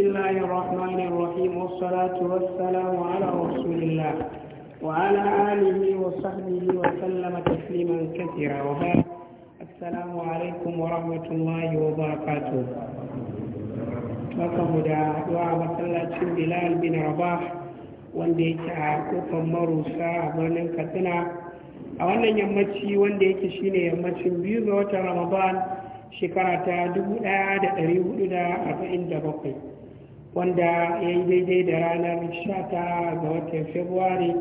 الله الرحمن الرحيم والصلاة والسلام على رسول الله وعلى آله وصحبه وسلم تسليما كثيرا وبعد السلام عليكم ورحمة الله وبركاته وكم da haɗuwa a بلال بن bin wanda yake a kofar marusa a birnin katsina a wannan yammaci wanda yake shine yammacin biyu ga watan ramadan shekara ta 1447 wanda ya yi daidai da ranar 19 ga watan februari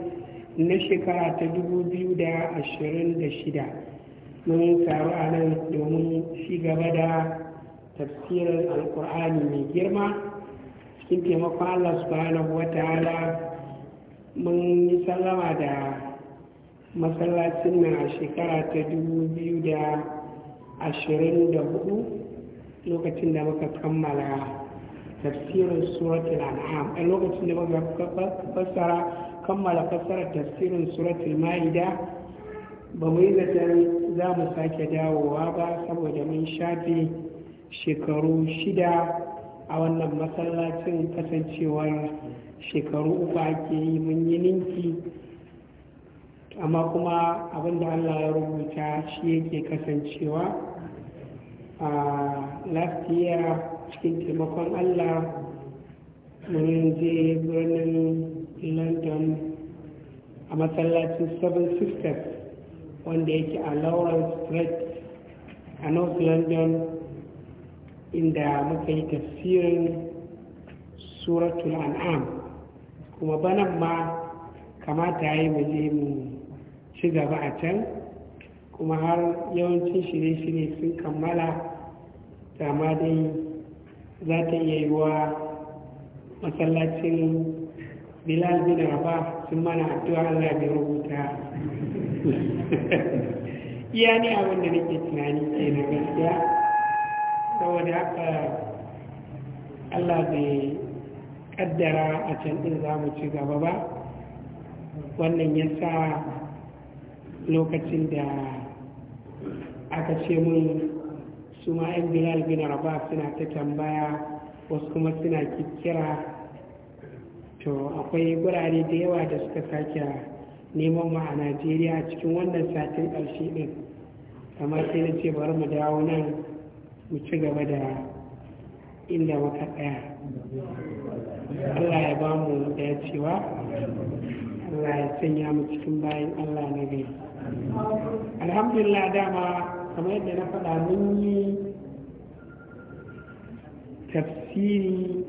na shekara ta 2026 mun taru a nan domin ci gaba da tafsirin alkur'ani mai girma cikin taimakon allah subhanahu wa ta'ala mun yi sallama da masallacin nan a shekara ta 2024 lokacin da muka kammala tafsirin suratul an'am a lokacin da muka fassara kammala fassara tafsirin suratul ma'ida ba mu yi zaton za mu sake dawowa ba saboda mun shafe shekaru shida a wannan masallacin kasancewar shekaru uku ake yi mun yi ninki amma kuma abinda allah ya rubuta shi yake kasancewa a last year cikin taimakon allah mun je birnin london a masallacin seven sisters wanda yake a lawrence street a north london inda muka yi tafsirin suratul an'am kuma banan ma kamata ya yi mu mu ci gaba a can kuma har yawancin shirye-shirye sun kammala dama dai za ta iya yi wa masallacin bilal bin rafa sun mana addu'a Allah bai rubuta iya ne abin da nake tunani ke na gaskiya saboda haka Allah bai kaddara a can ɗin za mu ci gaba ba wannan ya sa lokacin da aka ce mun su ma yan bilal bin rabah suna ta tambaya wasu kuma suna kikkira to akwai gurare da yawa da suka sake neman ma a najeriya cikin wannan satin ƙarshe ɗin amma sai na ce bari mu dawo nan mu ci gaba da inda muka tsaya allah ya ba mu da cewa allah ya sanya mu cikin bayan allah na gari alhamdulillah dama kamar yadda na faɗa mun yi tafsiri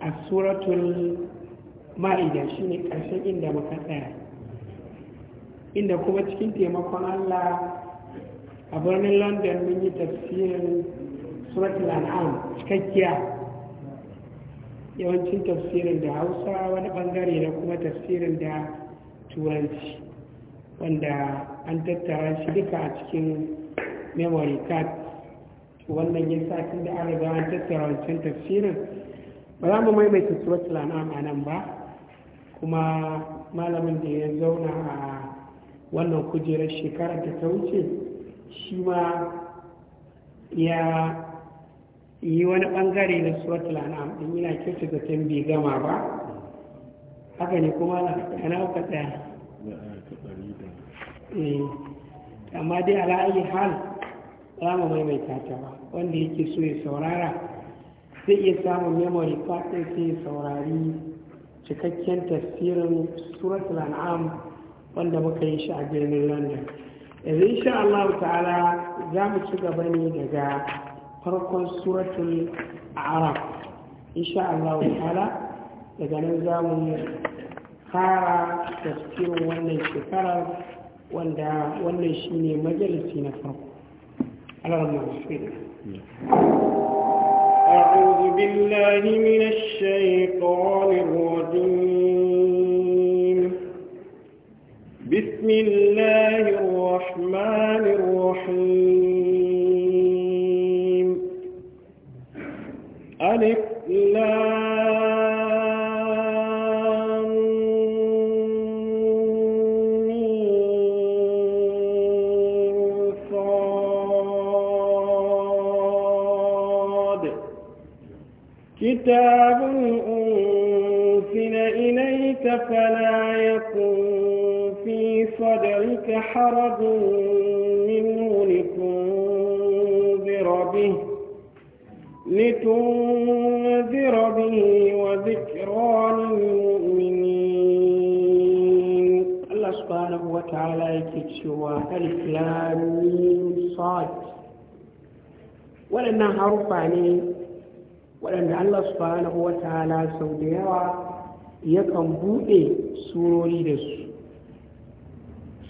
a suratul ma'ida shi ne ƙarshen inda muka tsaya inda kuma cikin taimakon allah a birnin london mun yi tafsirin suratul an'am cikakkiya yawancin tafsirin da hausa wani bangare da kuma tafsirin da turanci wanda an tattara shi duka a cikin memory card wannan ya sa da an riga an tattara wancan tafsirin ba za mu maimaita suratul an'am a nan ba kuma malamin da ya zauna a wannan kujerar shekarar da ta wuce shi ma ya yi wani bangare na suratul an'am din yana kyautata tambi gama ba haka ne kuma na ka tsaya Eh, amma dai ala ayi hal za mu maimaita ta ba wanda yake so ya saurara zai iya samun memory card ɗin sai ya saurari cikakken tafsirin suratul an'am wanda muka yi shi a birnin london yanzu insha Allah ta'ala za mu ci gaba ne daga farkon suratul arab insha Allah ta'ala daga nan za mu fara tafsirin wannan shekarar wanda wannan shi ne majalisi na farko alarma أعوذ بالله من الشيطان الرجيم بسم الله الرحمن الرحيم ألف لام كتاب أنزل إليك فلا يكن في صدرك حرج منه لتنذر به لتنذر به وذكرى للمؤمنين الله سبحانه وتعالى يكتشوى الإسلام صاد ولنا حرفاني Allah subhanahu wa ta'ala sau da yawa yakan buɗe surori da su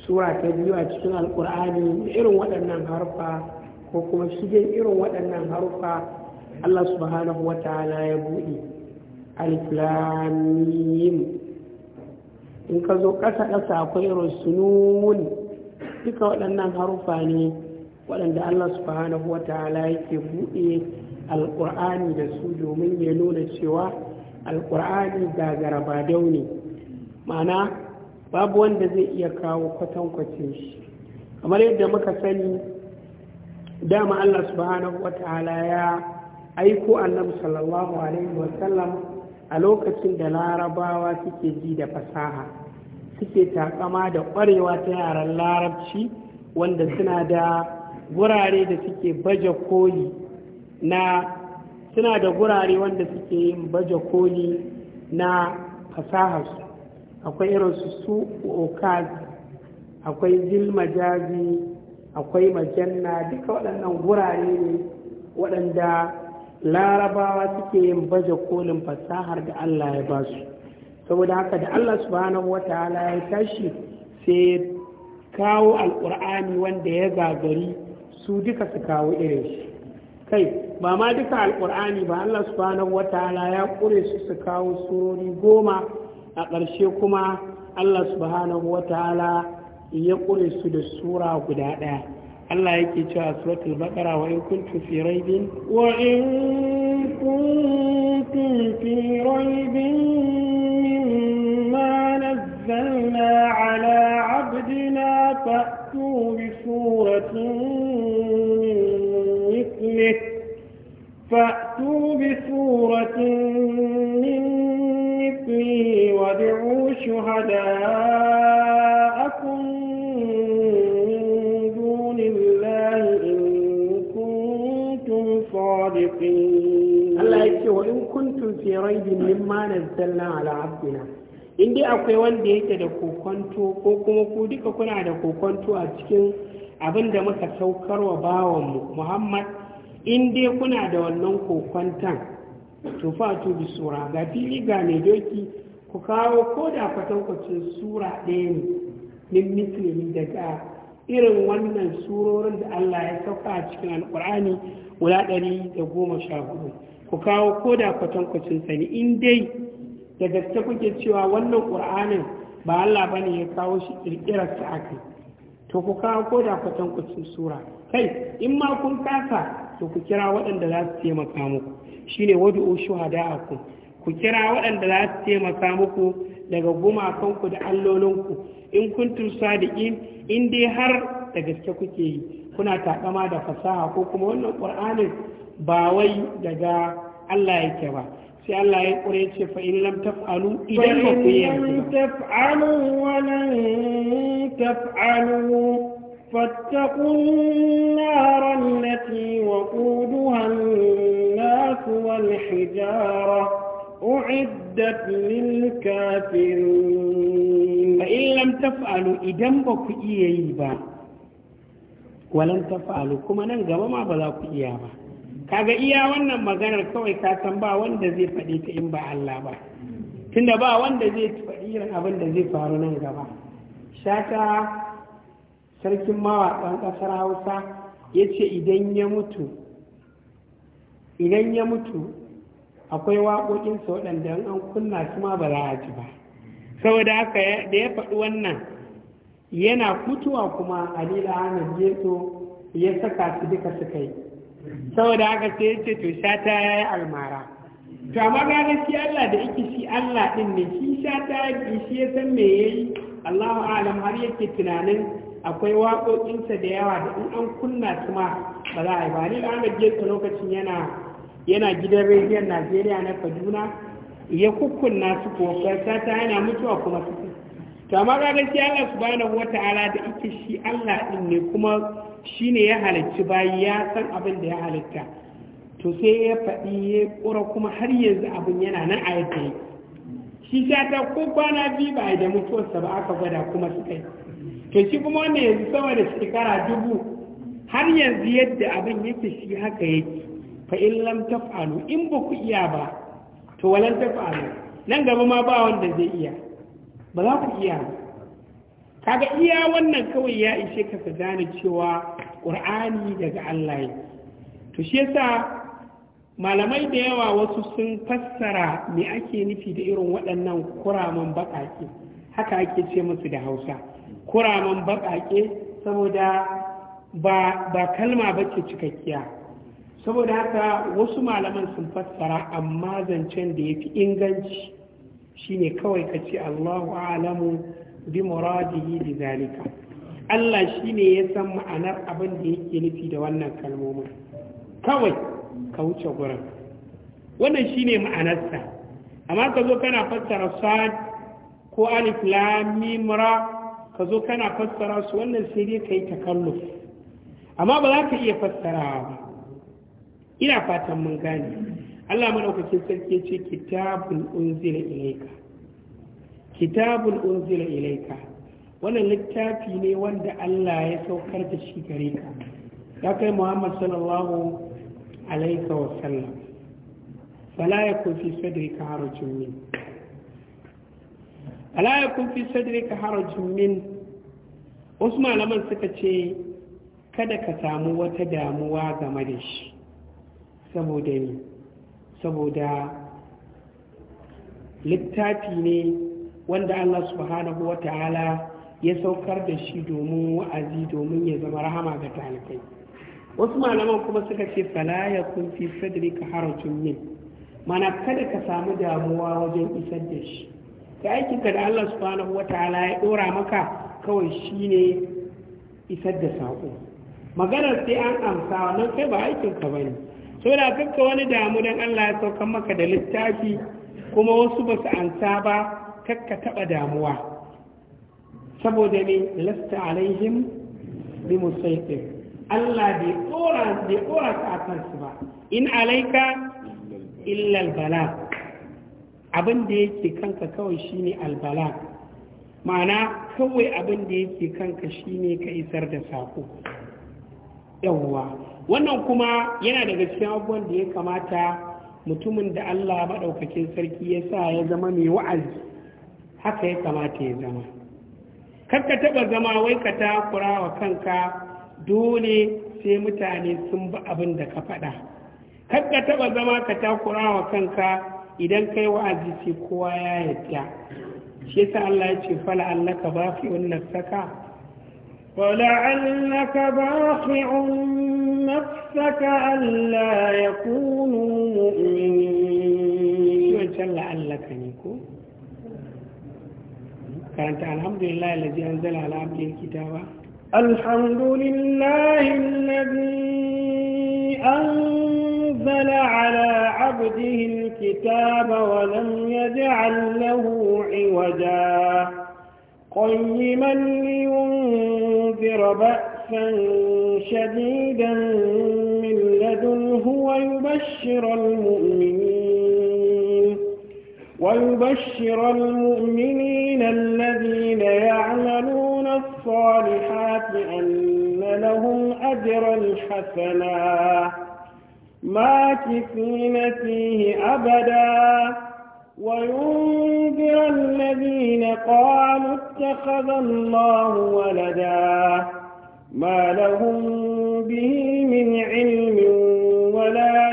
sura ta biyu a cikin alkur'ani irin waɗannan harfa ko kuma shigen irin waɗannan harfa Allah subhanahu wa ta'ala ya buɗe in ka zo ƙasa ƙasa akwai irin sunun duka waɗannan harfa ne waɗanda Allah subhanahu wa ta'ala yake buɗe alƙur'ani da su domin ya nuna cewa alƙur'ani da garaba daune ma'ana babu wanda zai iya kawo kwatankwacin shi kamar yadda muka sani dama allah subhanahu wata'ala ya aiko annabi sallallahu alaihi wasallam a lokacin da larabawa suke ji da fasaha suke takama da ƙwarewa ta yaran larabci wanda suna da wurare da suke baje koyi na suna da gurare wanda suke yin baje koli na fasaharsu akwai irin su su okaz akwai majazi akwai majanna duka waɗannan gurare ne waɗanda larabawa suke yin baje kolin fasahar da allah ya ba su saboda haka da allah subhanahu wa ta'ala ya tashi sai kawo alkur'ani wanda ya gagari su duka su kawo irin shi kai ba ma duka alkur'ani ba Allah subhanahu wataala ya kure su su kawo surori goma a ƙarshe kuma Allah subhanahu wataala ya kure su da sura guda ɗaya Allah yake cewa suratul baqara wa in kuntum fi raibin wa in kuntum fi raibin mimma nazzalna ala abdina fa'tu bi suratin مثله فأتوا بسورة من مثله وادعوا شهداءكم من دون الله إن كنتم صادقين الله يقول إن كنتم في ريب مما نزلنا على عبدنا in dai akwai wanda yake da kokonto ko kuma ku duka kuna da kokonto a cikin abin da muka saukarwa bawanmu muhammad in dai kuna da wannan kokwantan to fatu bi sura ga fili ga mai doki ku kawo ko da kwatankwacin sura ɗaya ne min mislimi daga irin wannan surorin da Allah ya sauka a cikin alkur'ani guda ɗari da goma sha hudu ku kawo ko da kwatankwacin ne in dai da gaske kuke cewa wannan ƙur'anin ba Allah ba ya kawo shi ƙirƙirarsa a kai to ku kawo ko da kwatankwacin sura kai in ma kun kasa to ku kira waɗanda za su taimaka muku shine wadu'u a ku ku. kira waɗanda za su taimaka muku daga gumakanku da allolinku in kuntum sadiqin in dai har da gaske kuke yi kuna takama da fasaha ko kuma wannan qur'anin ba wai daga Allah yake ba sai Allah ya kure ce fa in lam taf'alu idan ba ku yi taf'alu wa فاتقوا النار التي وقودها الناس والحجارة أعدت للكافرين فإن لم تفعلوا إذن بك إيبا ولن تفعلوا كما ننقب ما بلاك إيابا kaga iya wannan maganar kawai ka san ba wanda zai faɗi ta in ba Allah ba tunda ba wanda zai faɗi irin abin da zai faru nan gaba shata sarkin mawaƙan ƙasar hausa ya ce idan ya mutu idan ya mutu akwai waƙoƙinsa waɗanda an kunna su ma ba za a ji ba saboda haka da ya faɗi wannan yana fitowa kuma alila ahmed geto ya saka su duka su kai. saboda haka sai ya ce to shata ya yi almara to amma ga gaskiya Allah da yake shi Allah din ne shi shata ya shi ya san me yayi Allahu a'lam har yake tunanin akwai waƙoƙinsa da yawa da in an kunna su ma ba za a yi ba ni ahmad getsa lokacin yana gidan rediyon najeriya na kaduna ya kukkunna su ko ta yana mutuwa kuma su to amma ga gaskiya Allah wata ala da ita shi Allah din ne kuma shi ne ya halarci bayi ya san abin da ya halarta to sai ya faɗi ya ƙura kuma har yanzu abin yana nan a yadda shi ta ko kwana biyu ba da mutuwarsa ba aka gwada kuma suka yi to shi kuma wanda yanzu sama da shekara dubu har yanzu yadda abin yake shi haka yake fa in lam taf'alu in ba ku iya ba to walan taf'alu nan gaba ma ba wanda zai iya ba za ku iya ba. kaga iya wannan kawai ya ishe ka ka gane cewa qur'ani daga Allah ne to shi yasa malamai da yawa wasu sun fassara me ake nufi da irin waɗannan kuraman baƙaƙe haka ake ce musu da hausa kuraman baƙaƙe saboda ba kalma ba ce cikakkiya saboda haka wasu malaman sun fassara amma zancen da ya fi inganci shine kawai ka ce allahu alamu bi muradihi bi zalika Allah shi ne ya san ma'anar abin da yake nufi da wannan kalmomin kawai ka wuce gurin wannan shine ne ma'anarsa amma ka zo kana fassara sa ko alif lam mim ra ka zo kana fassara su wannan sai dai ka yi takalluf amma ba za ka iya fassara ba ina fatan mun gane Allah madaukakin sarki ya ce kitabun unzila ilaika kitabun unzila ilaika wannan littafi ne wanda Allah ya saukar da shi gare ka ya kai Muhammad sallallahu alaihi wa sallam fala yakun fi sadrika harajun min alaya kun fi sadrika harajin min wasu malaman suka ce kada ka samu wata damuwa game da shi saboda ne saboda littafi ne wanda Allah subhanahu wa ta'ala ya saukar da shi domin wa'azi domin ya zama rahama ga talibai wasu malaman kuma suka ce falaya kun fi sadrika harajin min mana kada ka samu damuwa wajen isar da shi da aikinka da Allah subhanahu ta'ala ya dora maka kawai shi ne isar da sako maganar sai an amsa wannan kai ba ka bane da kanka wani damu dan Allah ya saukan maka da littafi kuma wasu ba su amsa ba kakka taba damuwa saboda ne lasta alaihim bi musaitir Allah bai dora bai dora ka su ba in alaika illa albala abin da yake kanka kawai shine albala ma'ana kawai abin da yake kanka shine ka isar da sako yawwa wannan kuma yana daga cikin abubuwan da ya kamata mutumin da Allah maɗaukakin sarki ya sa ya zama mai wa'azi haka ya kamata ya zama ka taɓa zama wai ka takura wa kanka dole sai mutane sun bi abin da ka faɗa ka taɓa zama ka takura wa kanka idan kai wa'azi ce kowa ya yadda shi yasa Allah ya ce fala Allah ka allaka baqi'un nafsaka wala saka, Allah ya kunu yakunu mu'minin wancan la allaka ne ko karanta alhamdulillah allazi anzala ala abdihi kitaba alhamdulillah alladhi an نزل على عبده الكتاب ولم يجعل له عوجا قيما لينذر بأسا شديدا من لدنه ويبشر المؤمنين ويبشر المؤمنين الذين يعملون الصالحات أن لهم أجرا حسنا ماكثين فيه أبدا وينذر الذين قالوا اتخذ الله ولدا ما لهم به من علم ولا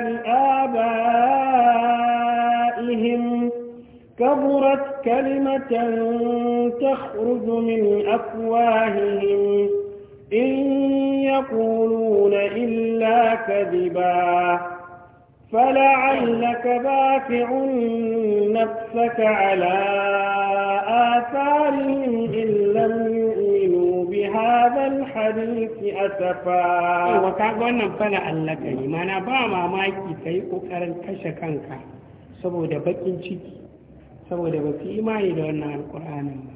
لآبائهم كبرت كلمة تخرج من أفواههم إن يقولون إلا كذبا فلعلك باكع نفسك على آثارهم إن لم يؤمنوا بهذا الحديث أسفا وكاك وانا فلعلك ما أنا باما مايكي سيكو كارن كشكانك saboda bakin ciki saboda ba su imani da wannan alkur'anin ba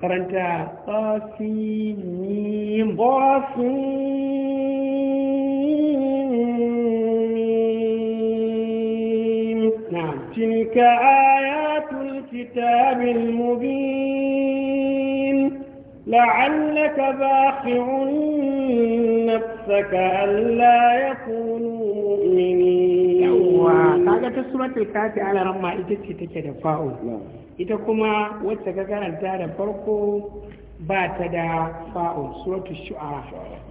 karanta qasimim qasimim na'am tilka ayatul kitabil mubin لعلك باخع نفسك ألا يكونوا مؤمنين. يوا كاجا تسمة الكافي على رمى إجتي تكي ita kuma wacce ka karanta da farko ba ta da fa’o suratu shu'ara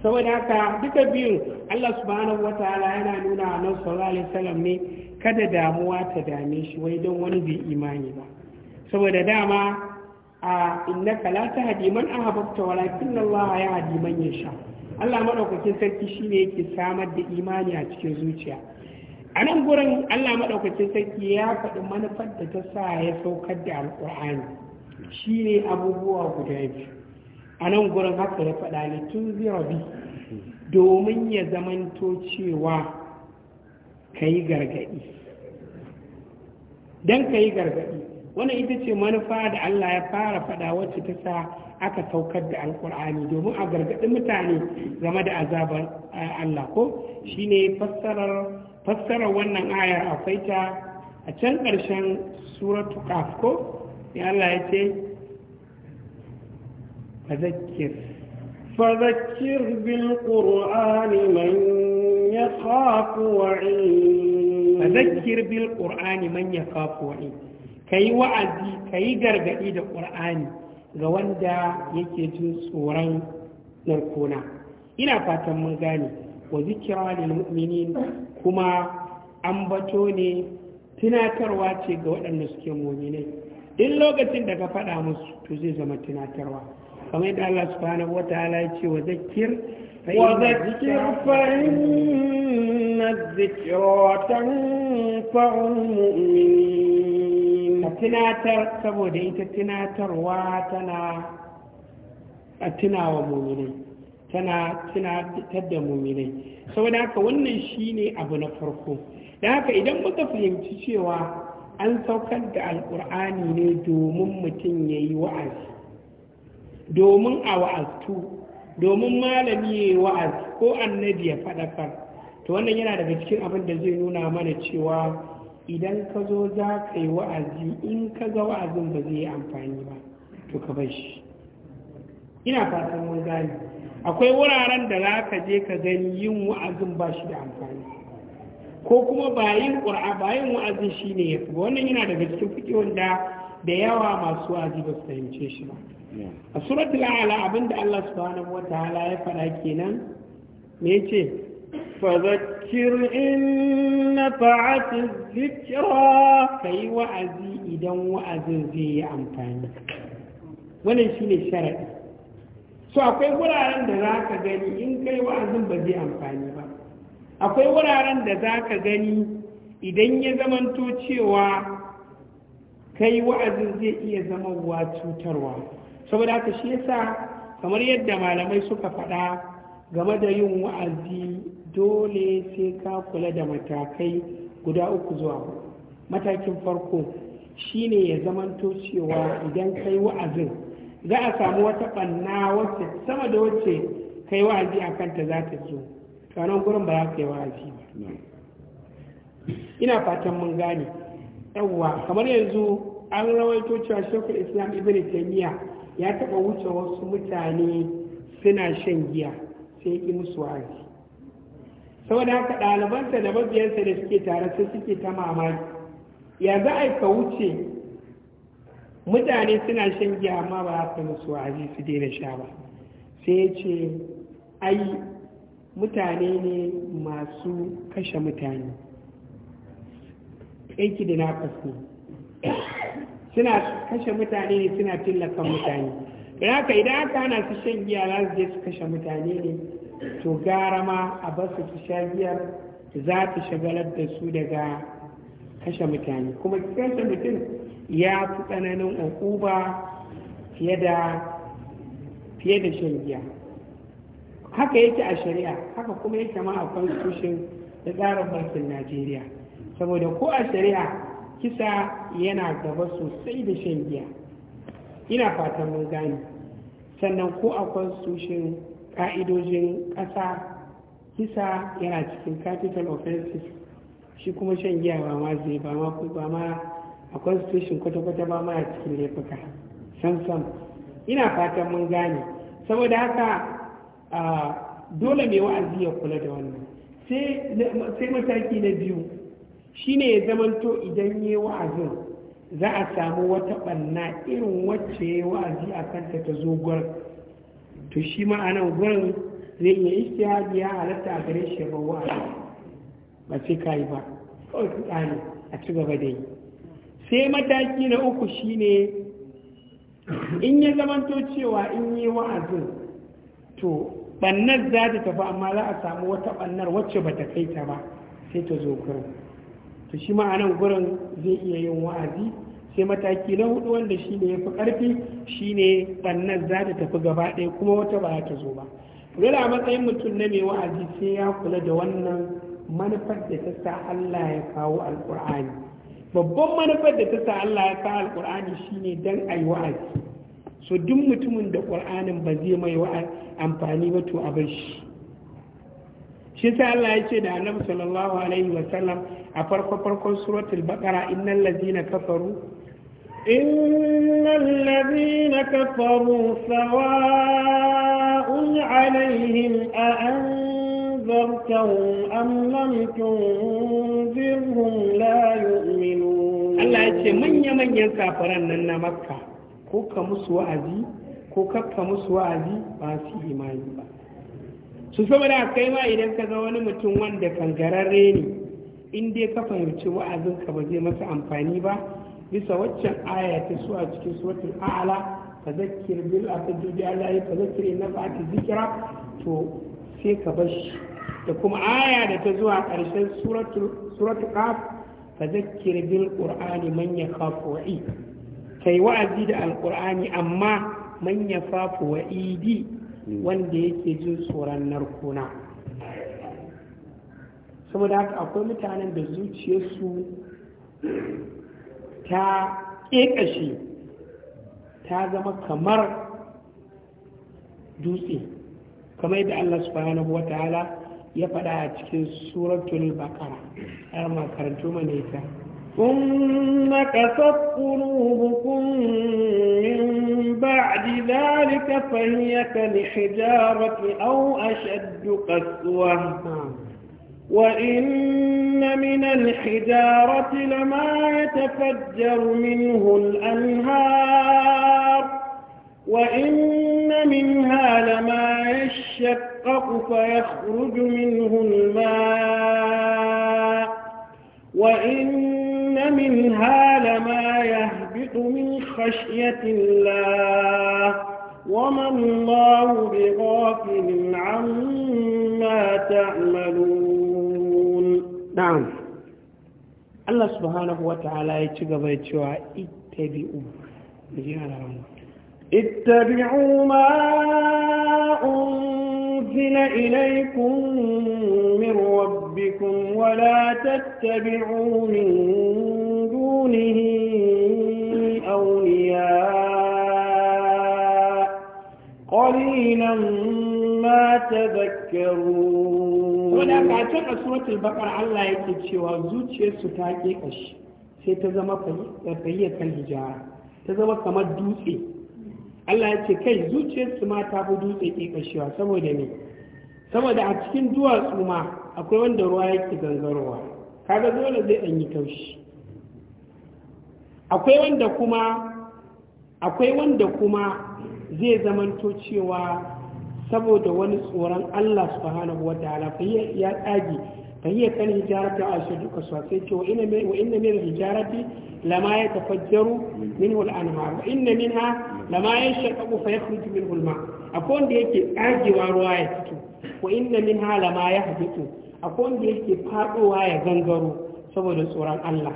saboda haka duka biyu Allah subhanahu ta'ala yana nuna a nan sallallahu alaihi ne kada damuwa ta dame shi wai don wani bai imani ba saboda dama a kala ta tahdi man ahbabta walakin Allah ya hadi ya sha. Allah maɗaukakin sarki shine yake samar da imani a cikin zuciya a nan gurin allah maɗaukacin sarki ya faɗi manufar da ta sa ya saukar da alƙur'ani shi ne abubuwa guda biyu a nan gurin haka ya faɗa ne tun bi domin ya zamanto cewa ka yi gargaɗi don ka yi gargaɗi wannan ita ce manufa da allah ya fara faɗa wacce ta sa aka saukar da Alƙur'ani domin a gargaɗi mutane game da azabar eh, allah ko shine fassarar fassarar wannan ayar a ta a can ƙarshen suratu kaf ya Allah ya ce fazakir fazakir bil qur'ani man yakhafu wa'id fazakir bil qur'ani man yakhafu wa'id kai wa'azi kai gargadi da ƙur'ani ga wanda yake jin tsoron narkona ina fatan mun gane wa zikira lil mu'minin kuma ambato ne tunatarwa ce ga waɗanda suke mu'minai in lokacin da ka faɗa musu to zai zama tunatarwa kamar yadda Allah subhanahu wataala ya ce wa zakir وذكر فإن الذكرى تنفع المؤمنين تناتر سبو دي تناتر واتنا tunawa ومؤمنين tana tunatar da muminai saboda haka wannan shine abu na farko da haka idan muka fahimci cewa an saukar da alkur'ani ne domin mutum ya yi wa'azi domin a wa'aztu domin malami ya yi wa'azi ko annabi ya faɗakar to wannan yana daga cikin abin da zai nuna mana cewa idan ka zo za ka yi wa'azi in ka ga wa'azin ba zai yi amfani ba to ka bar shi ina fatan mun gane akwai wuraren da za ka je ka gani yin wa'azin ba shi da amfani ko kuma bayin ƙura bayin wa'azin shi ne ya fi wannan yana daga cikin fiƙi da yawa masu wa'azi ba su fahimce shi ba a suratul abin da Allah subhanahu wa ta'ala ya faɗa kenan me zikira ka yi wa'azi idan wa'azin zai yi amfani. Wannan shi ne sharaɗi so akwai wuraren da za ka gani in kai wa'azin ba zai amfani ba akwai wuraren da za ka gani idan ya zamanto cewa kai wa'azin zai iya zama wa cutarwa saboda haka shi yasa kamar yadda malamai suka faɗa game da yin wa'azi dole sai ka kula da matakai guda uku zuwa matakin farko shine ya zamanto cewa idan kai wa'azin za a samu wata ɓanna wacce sama da wacce kai wa'azi a kanta za ta zo kanon gurin ba za ka yi wa'azi ba ina fatan mun gane yawwa kamar yanzu an rawaito cewa shekul islam ibn taymiya ya taba wuce wasu mutane suna shan giya sai ki musu wa'azi saboda haka ɗalibansa da mabiyansa da suke tare sai suke ta mamaki ya za a ka wuce mutane suna shan giya amma ba za su musu wa'azi su daina sha ba sai ya ce ai mutane ne masu kashe mutane aiki da na ne suna kashe mutane ne suna tallafan mutane don haka idan aka hana su shan giya za su je su kashe mutane ne to gara ma a basu su sha giyar za ta shagalar da su daga kashe mutane kuma kashe mutum ya fi tsananin uquba fiye da fiye da shan giya haka yake a shari'a haka kuma yake ma a constitution da tsarin bankin najeriya saboda ko a shari'a kisa yana gaba sosai da shan giya ina fatan mun gane sannan ko a constitution ka'idojin ƙasa kisa yana cikin capital offenses shi kuma shan giya ba ma zai ba ma a constitution kwata-kwata ba ma a cikin laifuka san san ina fatan mun gane saboda haka dole mai wa'azi ya kula da wannan sai mataki na biyu shine ya zamanto idan ya wa'azin za a samu wata banna irin wacce ya wa'azi a kanta ta zo gwar to shi ma'anan gurin zai iya ishtihadi ya halatta a gare shi ba wa'azi ba sai ka yi ba kawai ka a ci gaba da yi sai mataki na uku shine in ya zamanto cewa in yi wa'azin to bannar za ta tafi amma za a samu wata bannar wacce ba ta kai ta ba sai ta zo gurin to shi ma'anan gurin zai iya yin wa'azi sai mataki na hudu wanda shi ne ya fi ƙarfi shi ne ɓannar za ta tafi gaba ɗaya kuma wata ba ta zo ba yana matsayin mutum na mai wa'azi sai ya kula da wannan manufar da ta sa Allah ya kawo alƙur'ani babban manufar da ta sa Allah ya sa alƙur'ani shine dan ayi wa'azi so duk mutumin da ƙur'anin ba zai mai amfani ba to a bar shi shi sai Allah ya ce da Annabi sallallahu alaihi wa sallam a farko farkon suratul baqara innal ladzina kafaru innal ladzina kafaru sawa'un alaihim a أنذرتهم أم لم تنذرهم لا يؤمنون الله يتشي من يمن ينكافران لنا مكة كوكا مسوى أزي كوكا مسوى أزي باسي إيماني با su saboda kai ma idan ka ga wani mutum wanda kangararre ne in dai ka fahimci wa'azinka ba zai masa amfani ba bisa waccan aya ta su a cikin suratul a'la fazakir bil asadi bi Allah ya fazakir inna fa'ati zikra to sai ka bar shi da kuma aya da ta zuwa ƙarshen suratu qaf fa zakkir bil qur'ani man yakhafu wa'i kai wa'azi da alqur'ani amma man yakhafu wa'idi wanda yake jin tsoron narkona saboda haka akwai mutanen da zuciyarsu ta ƙeƙashe ta zama kamar dutse kamar yadda Allah subhanahu wa ta'ala ya faɗa a cikin suratul baqara har ma karanto ita ثم كست قلوبكم من بعد ذلك فهي كالحجارة أو أشد قسوة وإن من الحجارة لما يتفجر منه الأنهار وإن منها لما يشك يشقق فيخرج منه الماء وإن منها لما يهبط من خشية الله وما الله بغافل عما تعملون نعم الله سبحانه وتعالى يتقضى يتوى اتبعوا اتبعوا ما أنزل إليكم من ربكم ولا تتبعوا من دونه أولياء قليلا ما تذكرون هناك عشان سورة البقرة يكتشي وزوج يسوتاكي سيتزمى تزمى كما دوسي Allah ya ce kai zuciyarsu ma ta fi dutse ƙiƙashewa saboda ne saboda a cikin duwatsu ma akwai wanda ruwa yake gangarowa kaga dole zai ɗan yi taushi akwai wanda kuma akwai wanda kuma zai zamanto cewa saboda wani tsoron Allah subhanahu wa ta'ala fa ya tsage فهي كالهجارة أشد كالصوتيك وإن وإن من الهجارة لما يتفجر منه الأنهار وإن منها لما يشقق فيخرج منه الماء أكون ديك أجي ورواية وإن منها لما يهبط أكون ديك فاقوا يغنغروا saboda tsoron Allah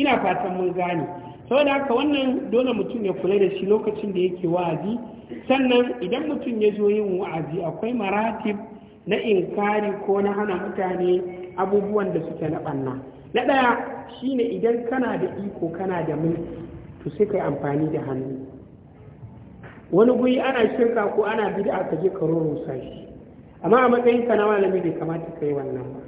ina fatan mun gane saboda haka wannan dole mutum ya kula da shi lokacin da yake wa'azi sannan idan mutum ya zo yin wa'azi akwai maratib na inkari ko na hana mutane abubuwan da suke na ɓanna na ɗaya shine idan kana da iko kana da mulki to sai kai amfani da hannu wani guri ana shirka ko ana bid'a ka je ka roro shi amma a matsayin ka na malami bai kamata kai wannan ba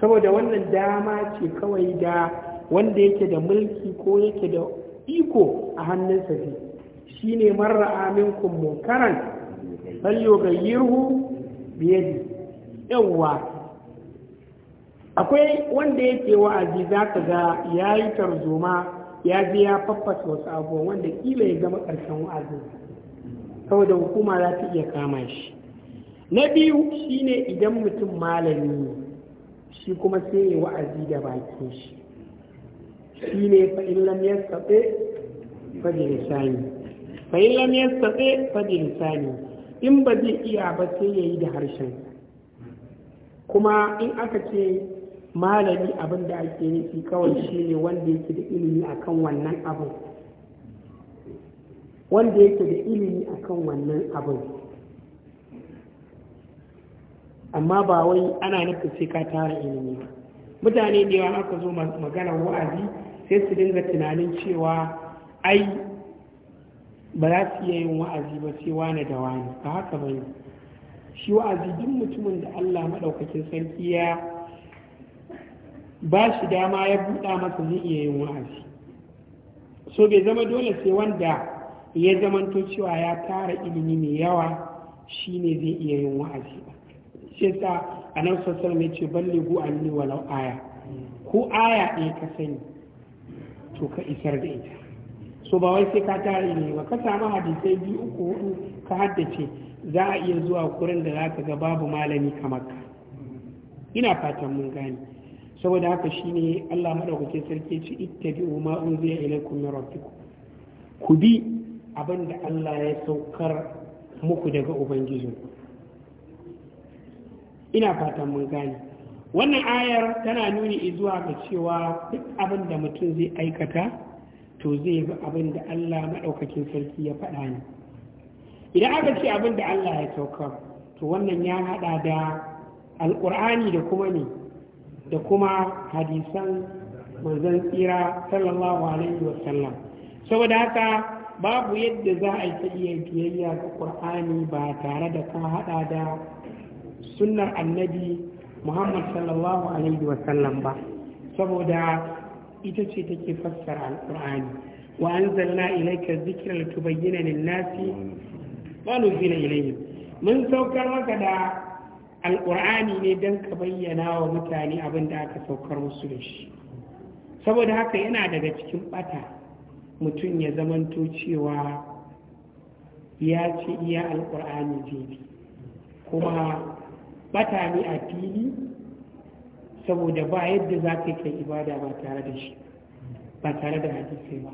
saboda wannan dama ce kawai da wanda yake da mulki ko yake da iko a hannunsa ne shine marra aminkum munkaran fal yughayyirhu biyadi yawwa akwai wanda yake wa'azi za ka ga ya yi tarzoma ya je ya faffasa wasu wanda kila ya zama ƙarshen wa'azin saboda hukuma za ta iya kama shi na biyu shine idan mutum malami shi kuma sai ya wa'azi da bakin shi shi ne fa'in lam yastaɓe fajin sani sani in ba zai iya ba sai ya yi da harshen kuma in aka ce malami abin da ake nufi kawai shi ne wanda yake da ilimi akan wannan abin wanda yake da ilimi akan wannan abin amma ba wai ana nufin sai ka tara ilimi mutane da yawa aka zo magana wa'azi sai su dinga tunanin cewa ai ba za su iya yin wa'azi ba sai wane da wane ba haka ba shi wa'azi duk mutumin da Allah maɗaukakin sarki ya ba shi dama ya buɗa masa zai iya yin wa'azi so bai zama dole sai wanda ya zamanto cewa ya tara ilimi mai yawa shi ne zai iya yin wa'azi ba shi sa a nan sassan mai ce balligu anni walau aya ko aya ɗaya ka sani to ka isar da ita so ba wai sai ka tare ne ba ka samu hadisai biyu uku hudu ka haddace za a iya zuwa kurin da za ka ga babu malami kamar ka ina fatan mun gane saboda haka shine Allah madaukakin sarki ce ittabi'u ma unzila ilaykum min rabbikum ku bi abin da Allah ya saukar muku daga ubangiji ina fatan mun gane wannan ayar tana nuni zuwa ga cewa duk abin da mutum zai aikata to zai bi abin da Allah maɗaukakin sarki ya faɗa ne idan aka ce abin da Allah ya sauka to wannan ya haɗa da alƙur'ani da kuma ne da kuma hadisan manzon tsira sallallahu alaihi wasallam saboda haka babu yadda za a yi ta iya biyayya ga ƙur'ani ba tare da ka haɗa da sunnar annabi muhammad sallallahu alaihi wasallam ba saboda ita ce take fassara Alƙur'ani. wa anzalna ilayka dhikra litubayyana lin-nasi ma nuzila ilayhim mun saukar maka da Alƙur'ani ne don ka bayyana wa mutane abin da aka saukar musu da shi saboda haka yana daga cikin bata mutum ya zamanto cewa ya ce iya alkur'ani jibi kuma ɓata ne a fili saboda ba yadda za ka kai ibada ba tare da shi ba tare da hadisai ba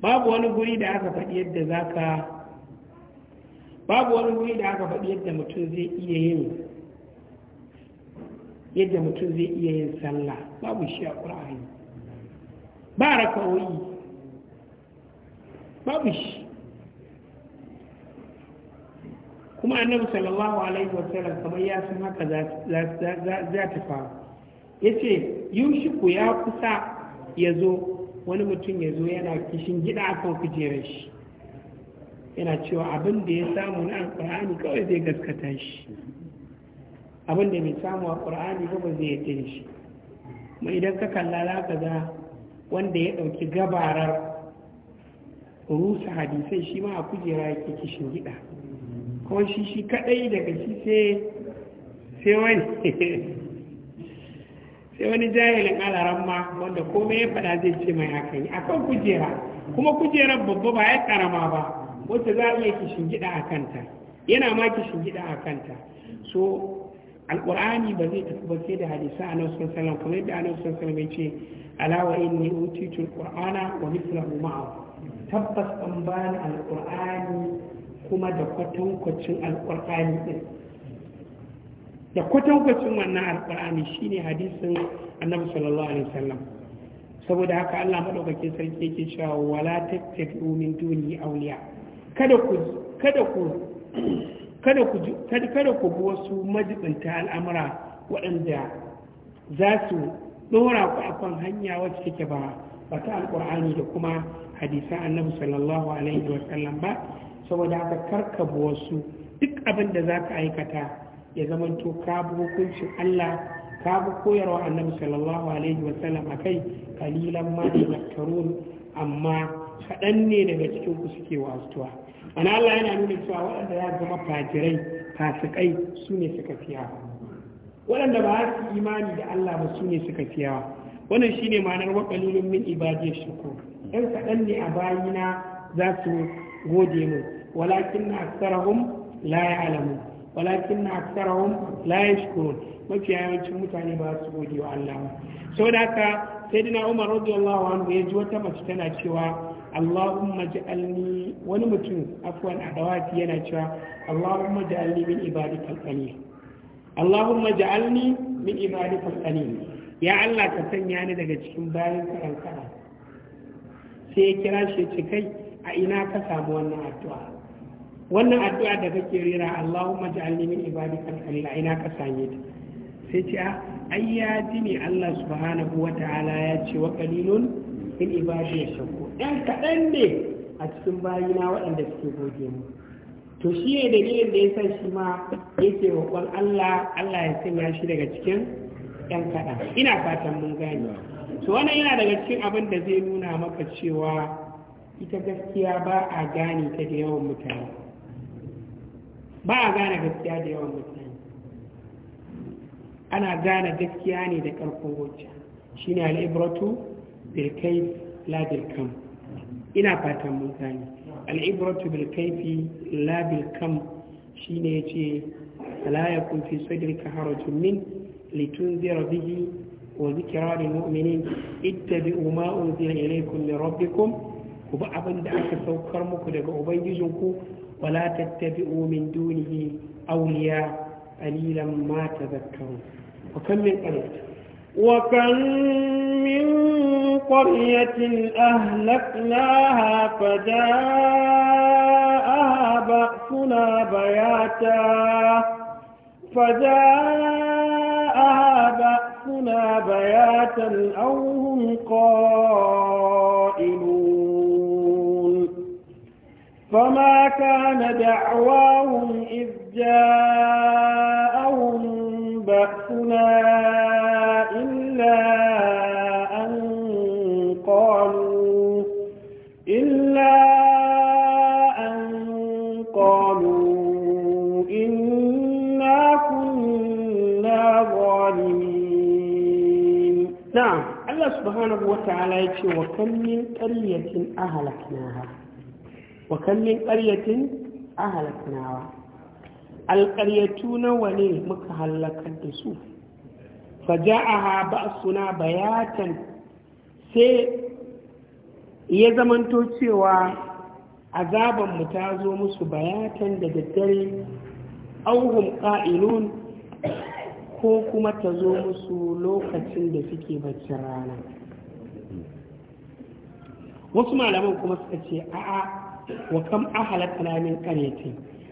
babu wani guri da aka faɗi yadda za ka babu wani guri da aka faɗi yadda mutum zai iya yin yadda mutum zai iya yin sallah babu shi a ƙur'ani ba raka'o'i babu shi kuma annabi sallallahu alaihi wasallam kamar ya san haka za ta faru ya ce yushiku ya kusa ya zo wani mutum ya zo yana kishin gida a kan kujerar shi yana cewa abin da ya samu na alkur'ani kawai zai gaskata shi abin da bai samu a ƙur'ani ba zai yadda shi ma idan ka kalla za ka ga wanda ya ɗauki gabarar rusa hadisai shi ma a kujera yake kishin gida kawai shi shi kaɗai daga shi sai wani sai wani jahilin alaran ma wanda komai ya fada zai ce mai haka yi akan kujera kuma kujerar babba ba ya karama ba Wata za a iya kishin gida a kanta yana ma kishin gida a kanta so alkur'ani ba zai tafi ba sai da hadisa a nausar salam kuma yadda a nausar salam ya ce alawa inni utitul qur'ana wa mithlahu ma'a. tabbas an bani alkur'ani kuma da kwatankwacin alkur'ani din da kwatankwacin wannan Alƙur'ani shine hadisin annabi sallallahu alaihi wasallam saboda haka Allah madaukakin sarki yake cewa wala tattabi'u min duni awliya kada ku kada ku kada ku kada ku bi wasu majibinta al'amura waɗanda za su dora ku akan hanya wacce take ba ba ta alkur'ani da kuma hadisan annabi sallallahu alaihi wasallam ba saboda haka karkabu wasu duk abin da za ka aikata ya zamanto ka bi hukuncin Allah ka bi koyarwa annabi sallallahu alaihi wasallam a kai kalilan ma da zakarun amma kaɗan ne daga cikin ku suke wasuwa ana Allah yana nuna cewa waɗanda ya zama fajirai fasikai su ne suka fiya waɗanda ba su imani da Allah ba su ne suka fiya wannan shine ma'anar wa min ibadi shukur ɗan kaɗan ne a bayina za su gode mu walakin na aksarahum la ya'lamu walakin na aksarahum la yashkurun yawancin mutane ba su gode wa Allah Sa'udaka, saboda haka Umar radiyallahu anhu ya ji wata mace tana cewa Allahumma ja'alni wani mutum afwan adawati yana cewa Allahumma ja'alni min ibadikal qalil Allahumma ja'alni min ibadikal qalil ya Allah ka sanya ni daga cikin bayan karan sai ya kira shi ya ce kai a ina ka samu wannan addu'a wannan addu'a da kake rera Allahumma ja'alni min ibadikal khalil ina ka ta sai ce a ai ne Allah subhanahu wa ta'ala ya ce wa qalilun in ibadi shakur dan kaɗan ne a cikin bayina waɗanda suke goge mu to shi ne dalilin da ya san shi ma yake roƙon Allah Allah ya sanya shi daga cikin ɗan kaɗan ina fatan mun gane to wannan yana daga cikin abin da zai nuna maka cewa ita gaskiya ba a gane ta da yawan mutane ba a gane gaskiya da yawan mutane ana gane gaskiya ne da ƙarfin hujja shine al'ibratu bil kayf la ina fatan mun gane al'ibratu bil kayfi la bil kam shine yace la yakun fi sadrika harajun min litunzira bihi wa zikra lil mu'minin Ita ittabi'u ma unzila ilaykum min rabbikum ku ba abin da aka saukar muku daga ubangijinku ولا تتبعوا من دونه أولياء قليلا ما تذكرون وكم من قرية وكم من قرية أهلكناها فجاءها بأسنا بياتا فجاءها بأسنا بياتا أو هم قائلون فما كان دعواهم إذ جاءهم بأسنا إلا أن قالوا إلا أن قالوا إنا كنا ظالمين نعم الله سبحانه وتعالى يقول وكم من قرية أهلكناها wakan ƙaryatin min qaryatin ahlaknaha nawa ne muka halakar da su faja'aha suna bayatan sai ya zamanto cewa azabanmu ta zo musu bayatan da daddare auhum ƙa'ilun ko kuma ta zo musu lokacin da suke baccin rana wasu malaman kuma suka ce a'a wa kam ahalakana min qaryati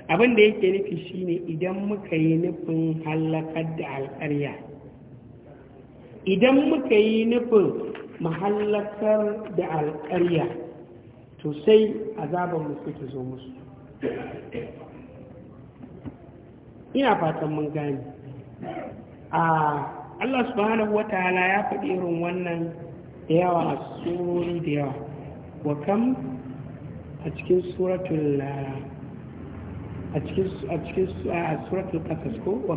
abin da yake nufi shine idan muka yi nufin halakar da alƙarya idan muka yi nufin mahallakar da alƙarya to sai azaban mu suke zo musu ina fatan mun gane a Allah subhanahu wa ta'ala ya faɗi irin wannan da yawa a da yawa wa kam a cikin suratul kasas ko wa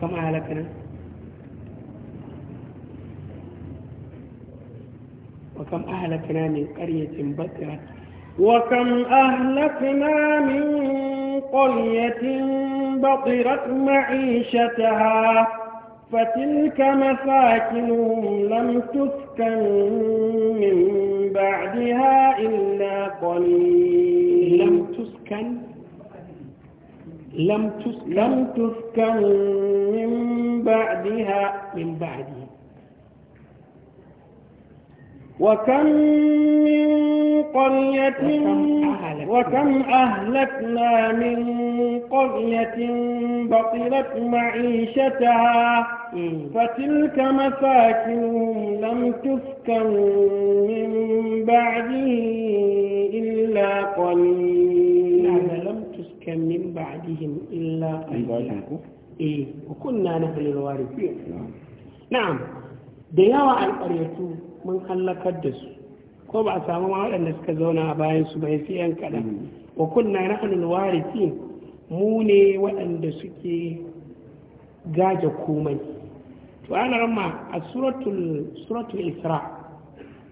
kama halaka nan وكم أهلكنا آية من قرية بطرت وكم أهلكنا من قرية بطرت معيشتها فتلك مساكنهم لم تسكن من بعدها إلا قليل لم تسكن لم تسكن, لم تسكن من بعدها من بعدها وكم من قرية وكم أهلكنا من قرية بطلت معيشتها فتلك مساكنهم لم تسكن من بعده إلا قليلا نعم، لم تسكن من بعدهم إلا قليلا إيه وكنا نحن الوارثين نعم da نعم، yawa من خلق الدسو ko ba a samu ma waɗanda suka zauna a bayan su bai fi yan kaɗan wa kunna nahnu warisi mu ne waɗanda suke gaja komai to ana ramma a suratul isra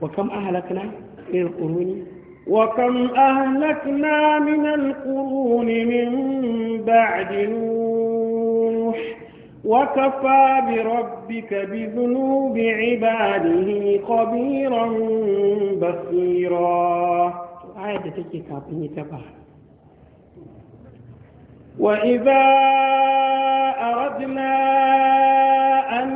wa kam ahlakna min ƙuruni wa kam a min minan quruni min ba'di وكفى بربك بذنوب عباده خبيرا بصيرا عادة الكتاب كابيني تبع وإذا أردنا أن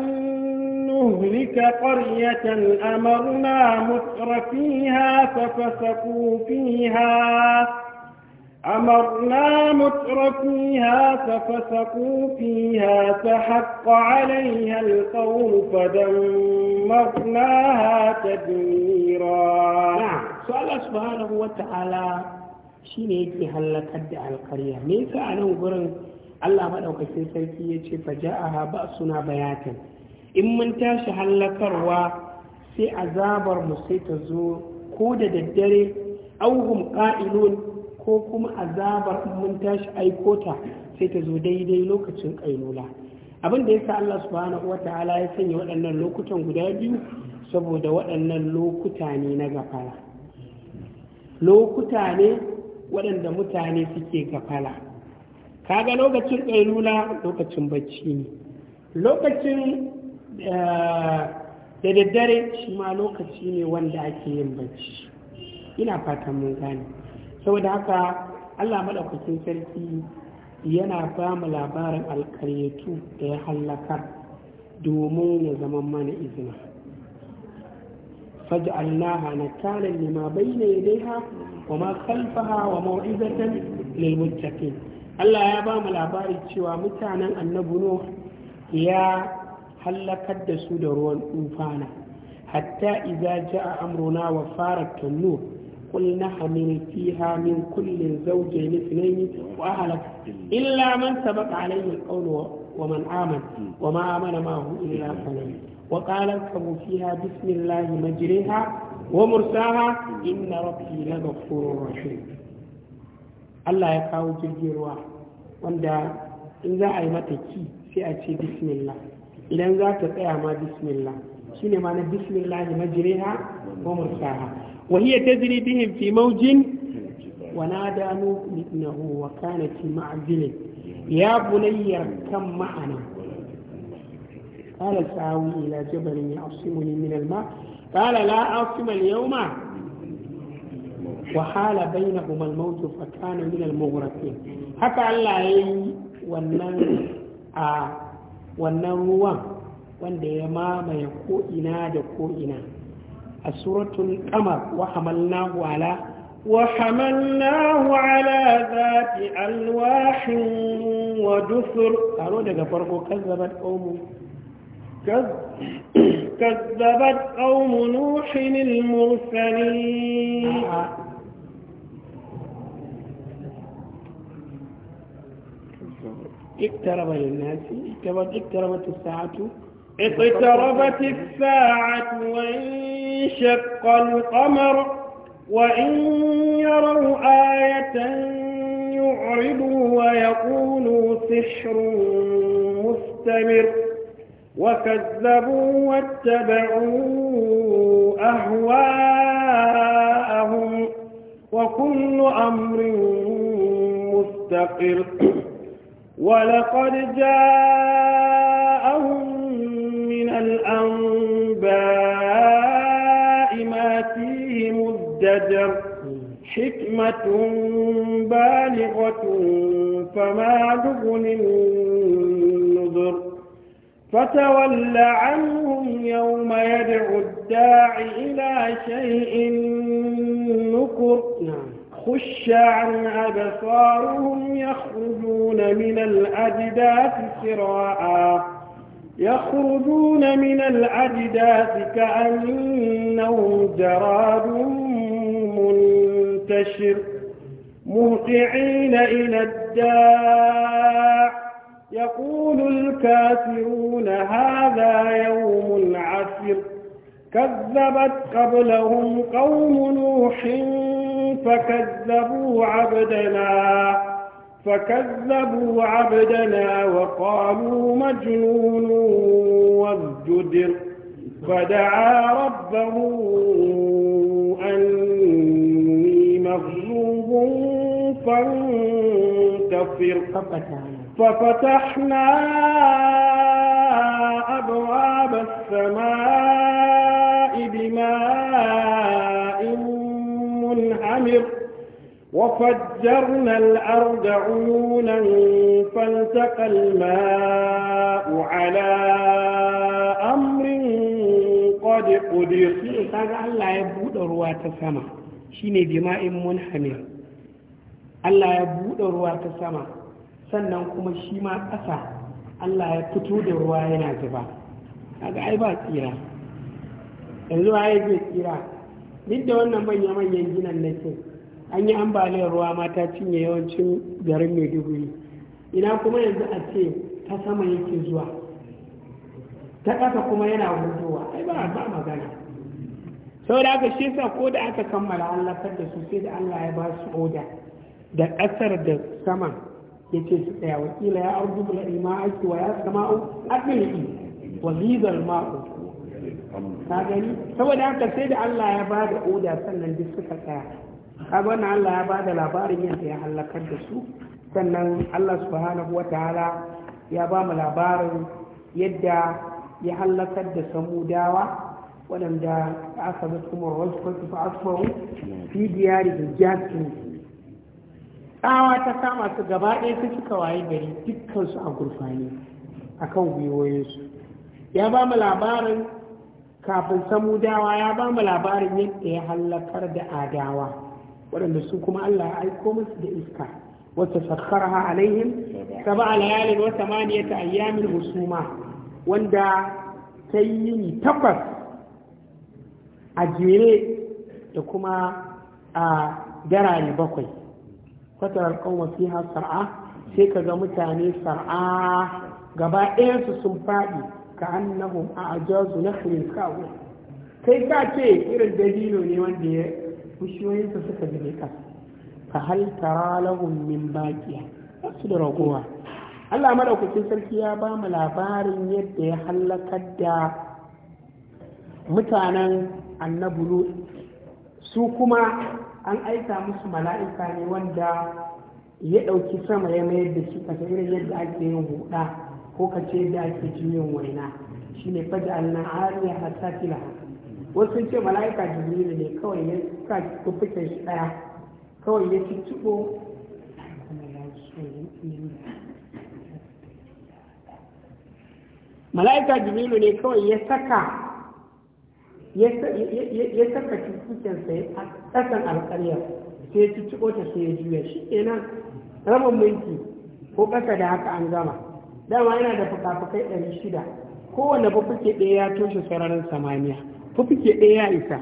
نهلك قرية أمرنا متر فيها ففسقوا فيها أمرنا مترفيها ففسقوا فيها فحق عليها القول فدمرناها تدميرا نعم سؤال سبحانه وتعالى shine yake hallakar da alkarya me yasa a nan gurin Allah maɗaukacin sarki ya ce fa ja'aha ba suna bayatan in mun tashi hallakarwa sai azabar mu sai ta zo ko da daddare auhum kailun. ko kuma azabar mun tashi aikota sai ta zo daidai lokacin kailula abin da yasa Allah subhanahu wata'ala ya sanya waɗannan lokutan guda biyu saboda waɗannan lokuta ne na gafara lokuta ne waɗanda mutane suke gafala kaga lokacin kailula lokacin bacci ne lokacin eh, da daddare shi ma lokaci ne wanda ake yin bacci ina fatan mun gane saboda haka Allah madaukakin sarki yana ba mu labarin alkaryatu da ya hallaka domin ya zama mana izina na faj'alnaha nakalan lima bayna ha wa ma kalfaha wa maw'izatan lemun Allah ya ba mu labari cewa mutanen annabi ya hallakar da su da ruwan tufana hatta idza a amruna wa fara tanur قل نحمل فيها من كل زوجين اثنين وأهلك إلا من سبق عليه القول ومن آمن وما آمن معه إلا قليل وقال اركبوا فيها بسم الله مجريها ومرساها إن ربي لغفور رحيم الله ya kawo jirgin ruwa wanda in za a yi mata ki sai a ce bismillah idan za ta tsaya ma bismillah shine ma na وهي تجري بهم في موج ونادى نوح ابنه وكان في معزله يا بني اركب معنا قال سآوي الى جبل يعصمني من الماء قال لا اعصم اليوم وحال بينهما الموت فكان من المغرقين حتى الله يي wannan a wannan ruwan wanda ya mamaye ko ina da ko ina سورة القمر وحملناه على وحملناه على ذات ألواح ودثر قالوا لك فرقوا كذبت قوم كذبت قوم نوح المرسلين آه، آه. اقترب للناس اقتربت الساعة اقتربت الساعة وانشق القمر وإن يروا آية يعرضوا ويقولوا سحر مستمر وكذبوا واتبعوا أهواءهم وكل أمر مستقر ولقد جاء الأنباء ما فيه مزدجر حكمة بالغة فما تغني النذر فتول عنهم يوم يدعو الداع إلى شيء نكر نعم. خش عن أبصارهم يخرجون من الأجداث سراعا يخرجون من الأجداث كأنهم جراد منتشر مهطعين إلى الداع يقول الكافرون هذا يوم عسر كذبت قبلهم قوم نوح فكذبوا عبدنا فكذبوا عبدنا وقالوا مجنون وازجدر فدعا ربه أني مغلوب فانتصر ففتحنا أبواب السماء بماء منهمر وفجرنا الأرض عيونا فالتقى الماء على أمر قد قدر kaga Allah ya buɗe ruwa ta sama shine jima'in munhamir Allah ya buɗe ruwa ta sama sannan kuma shi ma ƙasa Allah ya fito da ruwa yana zuba kaga ai ba tsira yanzu ai tsira duk da wannan manya manyan ginan nake an yi ambaliyar ruwa ma ta cinye yawancin garin maiduguri ina kuma yanzu a ce ta sama yake zuwa ta ƙasa kuma yana hutuwa ai ba ba magana saboda aka shi sa ko da aka kammala Allah da su sai da allah ya ba su oda da ƙasar da sama ya ce su tsaya wakila ya arzu bula ima aiki wa ya sama'u adalci wa zizar ma'u ka gani saboda haka sai da allah ya ba da oda sannan duk suka tsaya kaga wannan Allah ya bada labarin yadda ya halakar da su sannan Allah subhanahu ta'ala ya ba mu labarin yadda ya halakar da samudawa waɗanda aka bi kuma wasu fa asfaru fi diyari da jasin tsawa ta kama su gaba ɗaya su cika waye gari dukkansu a gurfani akan gwiwoyinsu ya ba mu labarin kafin samudawa ya ba mu labarin yadda ya halakar da adawa waɗanda su kuma Allah ya aiko musu da iska wata sakkaraha alaihim saba layalin wa samaniyata ayyamin husuma wanda ta yi takwas a jere da kuma a darare bakwai fatarar kawon fiha sar'a sai ka ga mutane sar'a gaba ɗayansu sun faɗi ka annahum a ajazu na kai ka ce irin dalilo ne wanda ya bishiyoyinsa suka zube ka fa hal tara lahum min baqiya su da ragowa Allah madaukakin sarki ya ba mu labarin yadda ya halakar da mutanen annabulu su kuma an aika musu mala'ika ne wanda ya ɗauki sama ya mayar da shi kasa irin yadda ake yin huɗa ko kace da ake yin waina shine faja alna ariya hasafila wasu ce mala'ika jibrilu ne kawai ya sa kufukin shi daya kawai ya ci cibo mala'ika jibrilu ne kawai ya saka ya saka cikinsa a ƙasan alƙarya sai ya ci ta sai ya juya shi kenan rabin minti ko ƙasa da haka an gama dama yana da fuka-fukai 600 shida kowane bafuke ɗaya ya toshe sararin samaniya fufike ɗaya ya isa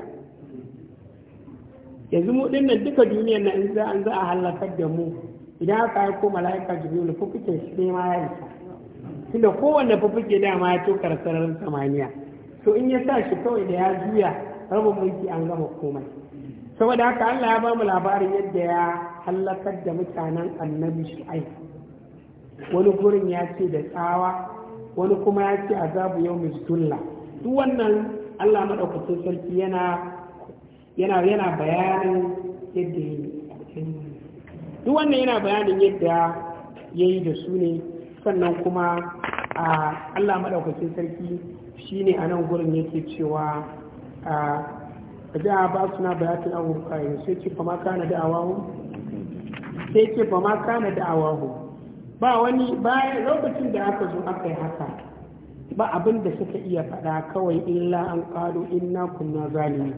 yanzu mu ɗin nan duka duniyar na in an za a halakar da mu idan aka yi ko mala'ika jibrilu fufike shi ɗaya ma ya isa tunda kowanne da dama ya tokar sararin samaniya to in ya sa shi kawai da ya juya rabin mulki an gama komai saboda haka Allah ya ba mu labarin yadda ya halakar da mutanen annabi shu'ai wani gurin ya ce da tsawa wani kuma ya ce azabu yau misdulla duk wannan Allah maɗaukacin sarki yana yana yana bayanin yadda ya yi duk wannan yana bayanin yadda ya yi da su ne sannan kuma a Allah maɗaukacin sarki shi ne a nan gurin yake cewa a da ba su na abubuwa yi sai ce fama kana da awahu sai ce fama kana da awahu ba wani bayan lokacin da aka zo aka yi haka ba abin da suka iya faɗa kawai illa an ƙado inna kunna zalimi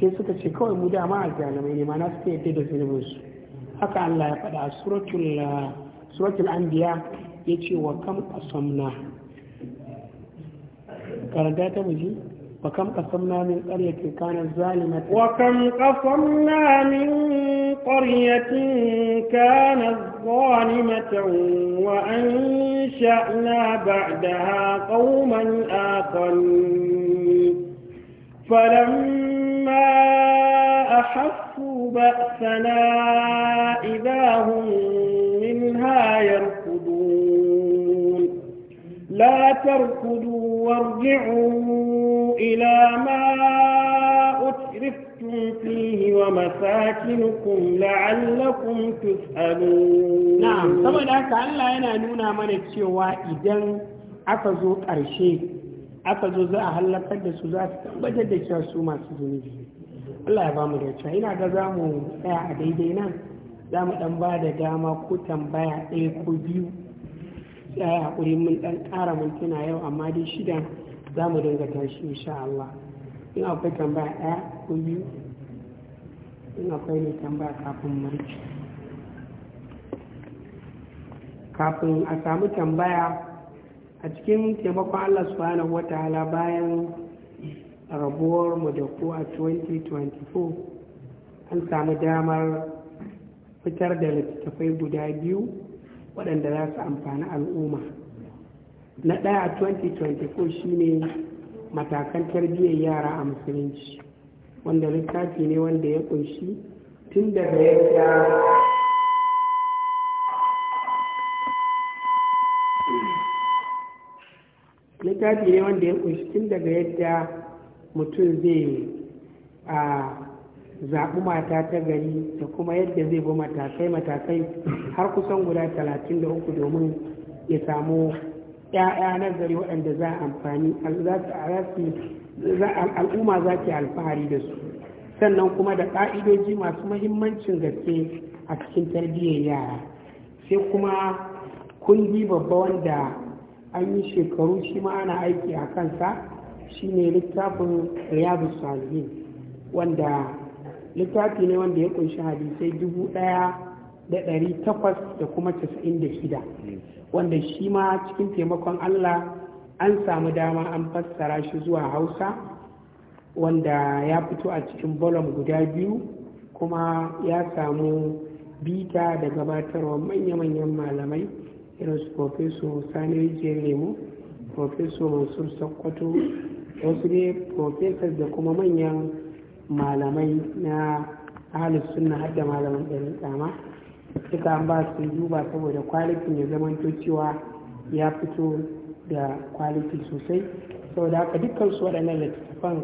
sai suka ce kawai mu dama a zalimai ne mana suka yadda da zunubinsu haka Allah ya faɗa uh, suratul anbiya ya ce wa kam qasamna karanta ta muji وكم قصمنا من قرية كانت ظالمة وكم قصمنا من قرية كانت ظالمة وأنشأنا بعدها قوما آخرين فلما أحسوا بأسنا إذا هم منها يركضون لا تركضوا وارجعوا إلى ما أترفتم فيه ومساكنكم لعلكم تسألون نعم طبعا لك الله أنا نونا من الشواء إذن أفزو da su ذا أهلا قد سوزات بجد شاسو ما سوزوني Allah ya bamu da ina ga za mu tsaya a daidai nan za mu ɗan ba da dama ko tambaya ɗaya ko biyu tsaya a mun ɗan ƙara mintuna yau amma dai shida za mu dinga tashi insha Allah in akwai tambaya ɗaya ko biyu in akwai ne tambaya kafin marci kafin a samu tambaya a cikin taimakon Allah subhanahu wa ta'ala bayan rabuwar mu da ku a 2024 an samu damar fitar da littattafai guda biyu waɗanda za su amfani al'umma na ɗaya 2024 shine matakan tarbiyyar yara a musulunci wanda littafi ne wanda ya kunshi tun daga yadda littafi ne wanda ya kunshi tun daga yadda mutum zai a zaɓi mata ta gari da kuma yadda zai bi matakai-matakai har kusan guda 33 domin ya samu ya'ya na gari waɗanda za a amfani al'umma za ta alfahari da su sannan kuma da ƙa'idoji masu mahimmancin gaske a cikin tarbiyyar yara sai kuma kundi babba wanda an yi shekaru shi ma ana aiki a kansa shine littafin riyadu salihin wanda littafi ne wanda ya kunshi hadisai dubu ɗaya da ɗari takwas da kuma casa'in da shida wanda shi ma cikin taimakon Allah an samu dama an fassara shi zuwa hausa wanda ya fito a cikin bolom guda biyu kuma ya samu bita da gabatarwa manya-manyan malamai irin su profeso sani rijiyar lemu profeso mansur sokoto wasu ne profesors da kuma manyan malamai na ahalus sunna hadda malaman ɗarin tsama suka an ba su duba saboda kwalitin ya zama cewa ya fito da kwaliti sosai saboda haka dukkan su waɗannan littattafan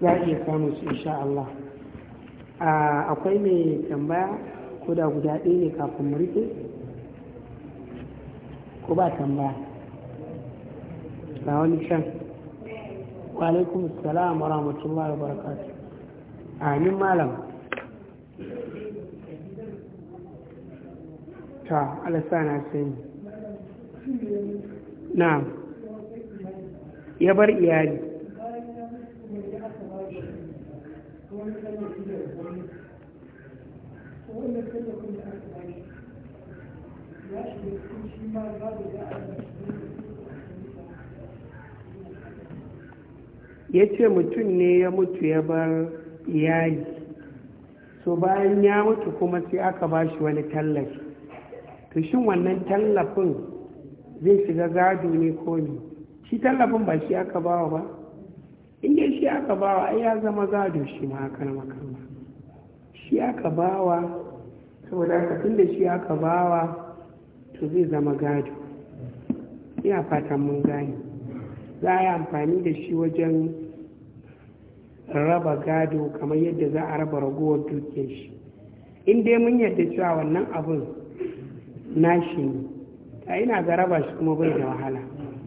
za a iya samun su insha Allah akwai mai tambaya ko da guda ɗaya ne kafin mu rike ko ba tambaya ga wani can wa alaikum assalam wa rahmatullahi wa barakatuh amin malam ta ya bar iyali ya ce mutum ne ya mutu ya bar iyali so bayan ya mutu kuma sai aka ba shi wani tallafi to shi wannan tallafin zai shiga gado ne ko ne shi tallafin ba shi aka bawa ba inda shi aka bawa ai ya zama gado shi ma haka na makarma shi aka bawa saboda aka tun da shi aka bawa to zai zama gado ina fatan mun gane za a yi amfani da shi wajen raba gado kamar yadda za a raba ragowar dukiyar shi in dai mun yadda cewa wannan abin nashi ne ta ina ga raba shi kuma bai da wahala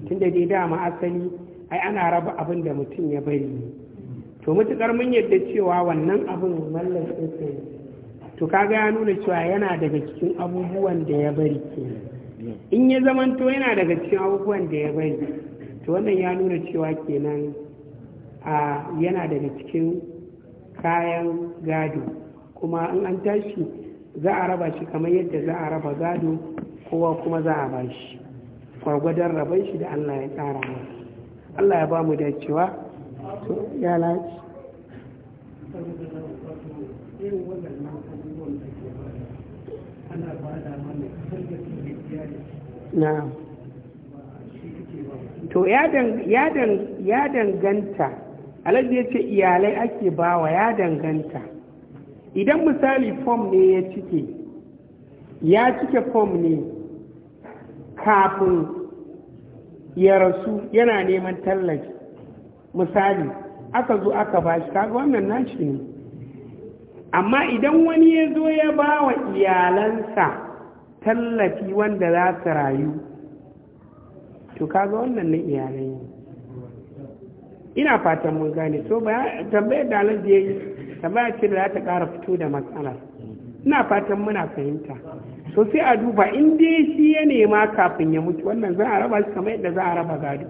tun da dai dama asali ai ana raba abin da mutum ya bari ne to mutukar mun yadda cewa wannan abin mallakin sa ne to kaga ya nuna cewa yana daga cikin abubuwan da ya bari ke in ya zamanto yana daga cikin abubuwan da ya bari to wannan ya nuna cewa kenan a yana daga cikin kayan gado kuma in an tashi za a raba shi kamar yadda za a raba gado kowa kuma za a bashi Kwargwadon raban shi da Allah ya tsara masu Allah ya ba mu da cewa ya laci na to ya danganta alaji ya ce iyalai ake bawa ya danganta idan misali fom ne ya cike ya cike fom ne kafin ya rasu yana neman tallafi misali aka zo aka bashi kaga wannan nashi ne amma idan wani ya zo ya ba wa iyalansa tallafi wanda za su rayu to kaga wannan na iyalai ina fatan mun gane so ba tambayar da alaji ya yi tambaya ce da za ta ƙara fito da matsalar ina fatan muna fahimta so sai a duba in dai shi ya nema kafin ya mutu wannan za a raba shi kamar yadda za a raba gado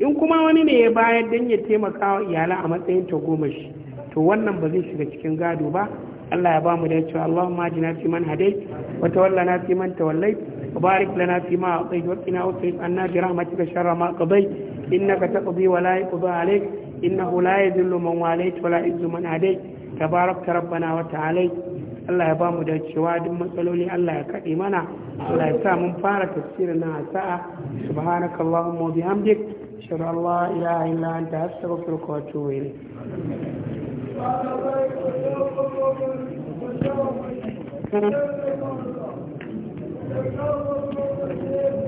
in kuma wani ne ya bayar don ya taimaka wa iyala a matsayin ta goma shi to wannan ba zai shiga cikin gado ba Allah ya bamu da cewa Allahumma na fi man hadai wa na fi man tawallai wa barik lana fi ma a aqid wa qina wasrif anna bi rahmatika sharra ma ka taɓa bi wa layi la in na hula ya yadhillu man walai wa la zuma man hadai tabaraka rabbana wa ta'ala Allah ya bamu da cewa duk matsaloli Allah ya kade mana Allah ya sa mun fara tafsirin na sa'a subhanakallahumma wa bihamdik ashhadu an la ilaha